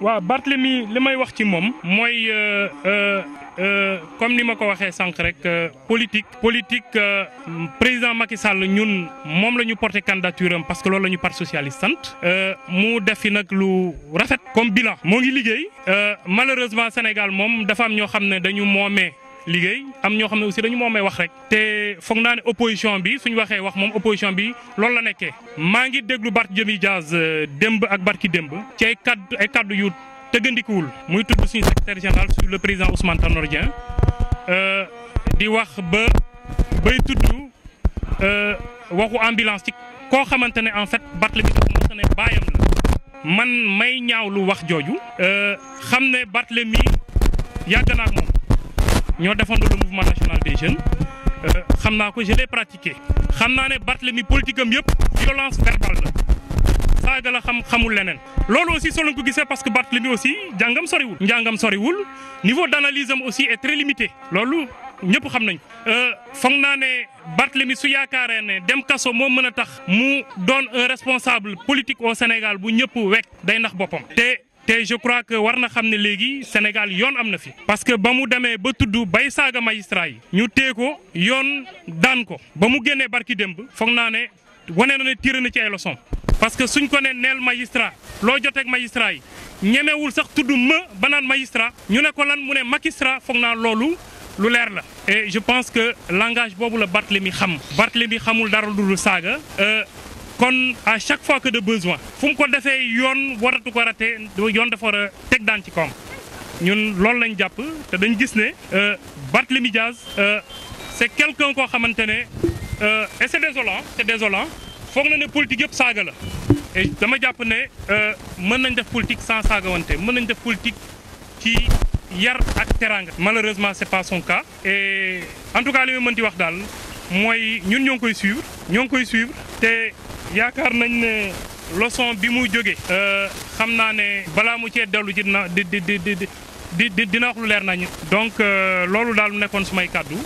wa Barthélemy li may wax ci moom mooy euh, euh, euh, comme ni ma ko waxee sànq rek politique politique président Macky Sall ñun moom la ñu candidature parce que nous sommes parti socialiste nous mu def fi lu rafet comme bilan moo ngi euh, malheureusement Sénégal moom dafa am ñoo xam ne dañu moomee liggéey am ñoo xam ne aussi dañu moomee wax rek te foog naa ne opposition bi suñ waxee wax moom opposition bi loolu la nekkee maa ngi déglu Barthélémy Dias euh, démb ak barki démb ci ay kaddu ay kaddu yu tëggandikuwul muy tudd suñu secrétaire général sur le président Ousmane Tanordien euh di wax ba bay tudd euh, waxu ambulance ci koo xamante ne en fait Barthélémy bi moo ne baayam la man may lu wax jooju euh, xam ne Barthélémy yàgg naa ak moom Nous défendre le mouvement national des jeunes Euh, naa ko je l'ai pratiqué xam naa ne Barthélemy politique am violence verbale Ça, saaga la xam xamul leneen aussi soo leen ko parce que Barthélemy aussi jàngam soriwul njàngam soriwul niveau d'analyse aussi est très limité loolu ñëpp xam nañ ko euh, foog na né Barthélemy su yaakaaree né dem kaso mo mën tax mu doon un responsable politique au Sénégal bu ñëpp wék day nax boppam té et je crois que warna na legi, Sénégal yoon am fi parce que Bamou mu demee ba tudd bay saaga magistrat yi ñu tee ko yoon ko barki demb. foog naa ne wane na ne tiré na ci ay leçon parce que suñ ko ne nel magistrat loo joteeg magistrat yi ñemewul sax tudd ma ba magistrat ñu ne ko lan mu ne magistrat lu et je pense que langage boobu le Bartlemi xam Bartlemi xamul Darul lu dul saaga euh, kon à chaque fois que de besoin fu ko waratu ko a ci kawam ñun loolu gis euh, Diaz euh, c'est quelqu'un koo euh, et c'est désolant c'est désolant foog na politique yëpp et dama nañ politique sans ça, nañ def politique ci yar ak malheureusement c'est pas son cas et en tout cas li ma di wax ñun suivre yaakaar nañ ne leçon bi mu jóge euh, xam naa ne balaa mu cee dellu ci dina di di di di dina wax lu leer nañu. donc euh, loolu daal nekkoon sumay kàddu.